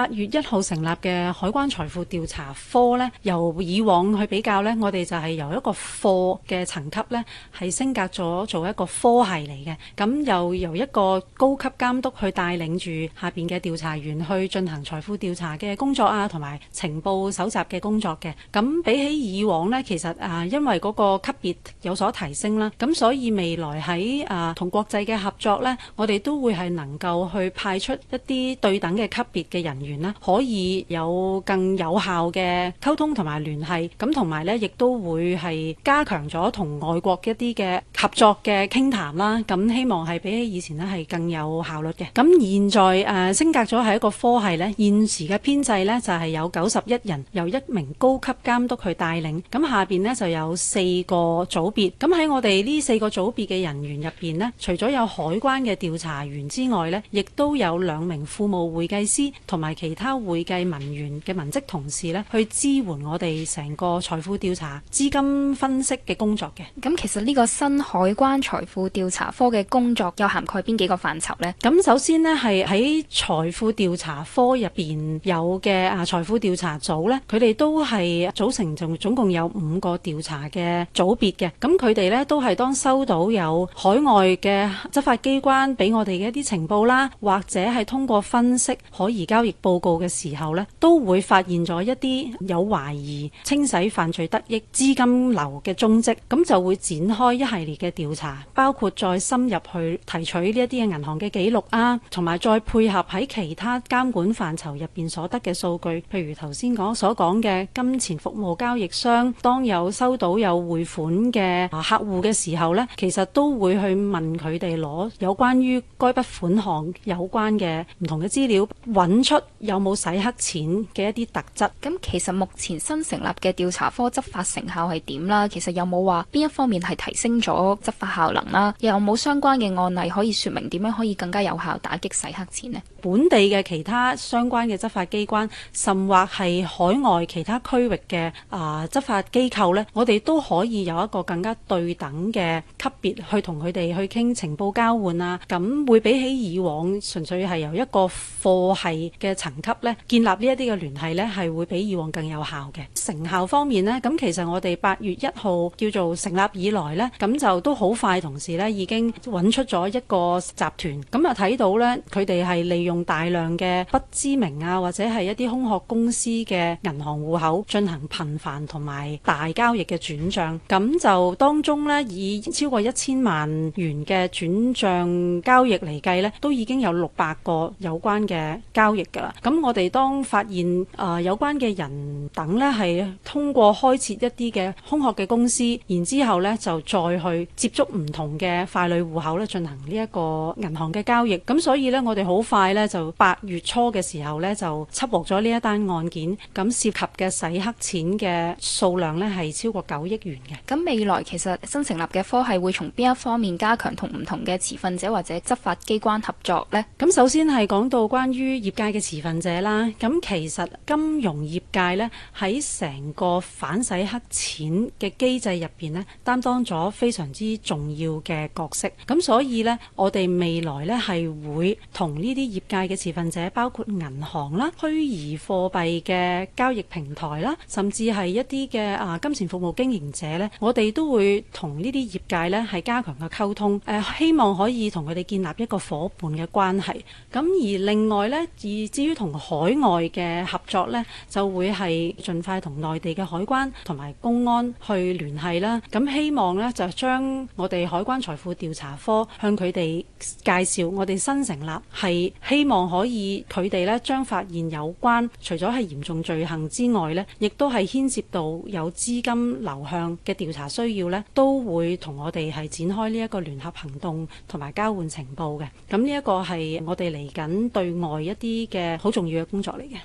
八月一號成立嘅海關財富調查科咧，由以往去比較咧，我哋就係由一個課嘅層級咧，係升格咗做一個科系嚟嘅。咁又由一個高級監督去帶領住下邊嘅調查員去進行財富調查嘅工作啊，同埋情報搜集嘅工作嘅。咁比起以往咧，其實啊，因為嗰個級別有所提升啦，咁所以未來喺啊同國際嘅合作咧，我哋都會係能夠去派出一啲對等嘅級別嘅人員。咧可以有更有效嘅溝通同埋聯繫，咁同埋咧亦都會係加強咗同外國一啲嘅合作嘅傾談啦。咁希望係比起以前咧係更有效率嘅。咁現在誒升格咗係一個科系咧，現時嘅編制咧就係有九十一人，由一名高級監督去帶領。咁下邊咧就有四個組別。咁喺我哋呢四個組別嘅人員入邊咧，除咗有海關嘅調查員之外咧，亦都有兩名稅務會計師同埋。其他會計文員嘅文職同事咧，去支援我哋成個財富調查資金分析嘅工作嘅。咁其實呢個新海關財富調查科嘅工作有涵蓋邊幾個範疇呢？咁首先呢，係喺財富調查科入邊有嘅啊財富調查組呢，佢哋都係組成，仲總共有五個調查嘅組別嘅。咁佢哋呢，都係當收到有海外嘅執法機關俾我哋嘅一啲情報啦，或者係通過分析可疑交易報告嘅時候呢都會發現咗一啲有懷疑清洗犯罪得益資金流嘅蹤跡，咁就會展開一系列嘅調查，包括再深入去提取呢一啲嘅銀行嘅記錄啊，同埋再配合喺其他監管範疇入面所得嘅數據，譬如頭先講所講嘅金錢服務交易商，當有收到有匯款嘅客戶嘅時候呢，其實都會去問佢哋攞有關於該筆款項有關嘅唔同嘅資料，揾出有冇洗黑錢嘅一啲特質？咁其實目前新成立嘅調查科執法成效係點啦？其實有冇話邊一方面係提升咗執法效能啦？又有冇相關嘅案例可以說明點樣可以更加有效打擊洗黑錢呢？本地嘅其他相關嘅執法機關，甚或係海外其他區域嘅啊、呃、執法機構咧，我哋都可以有一個更加對等嘅級別去同佢哋去傾情報交換啊！咁會比起以往純粹係由一個科系嘅層級咧，建立呢一啲嘅聯繫咧，係會比以往更有效嘅成效方面咧。咁其實我哋八月一號叫做成立以來咧，咁就都好快同時咧已經揾出咗一個集團，咁啊睇到咧佢哋係利用用大量嘅不知名啊，或者係一啲空殼公司嘅銀行戶口進行頻繁同埋大交易嘅轉賬，咁就當中咧以超過一千萬元嘅轉賬交易嚟計咧，都已經有六百個有關嘅交易噶啦。咁我哋當發現啊、呃、有關嘅人等咧係通過開設一啲嘅空殼嘅公司，然之後咧就再去接觸唔同嘅傀儡戶口咧進行呢一個銀行嘅交易，咁所以咧我哋好快咧。就八月初嘅時候咧就緝獲咗呢一單案件，咁涉及嘅洗黑錢嘅數量咧係超過九億元嘅。咁未來其實新成立嘅科係會從邊一方面加強同唔同嘅持份者或者執法機關合作咧？咁首先係講到關於業界嘅持份者啦。咁其實金融業界咧喺成個反洗黑錢嘅機制入邊咧，擔當咗非常之重要嘅角色。咁所以咧，我哋未來咧係會同呢啲業界界嘅持份者，包括銀行啦、虛擬貨幣嘅交易平台啦，甚至係一啲嘅，啊金錢服務經營者咧，我哋都會同呢啲業界咧係加強嘅溝通，誒，希望可以同佢哋建立一個伙伴嘅關係。咁而另外咧，以至於同海外嘅合作咧，就會係盡快同內地嘅海關同埋公安去聯繫啦。咁希望咧就將我哋海關財富調查科向佢哋介紹我哋新成立係希希望可以，佢哋咧將發現有關，除咗係嚴重罪行之外咧，亦都係牽涉到有資金流向嘅調查需要咧，都會同我哋係展開呢一個聯合行動同埋交換情報嘅。咁呢一個係我哋嚟緊對外一啲嘅好重要嘅工作嚟嘅。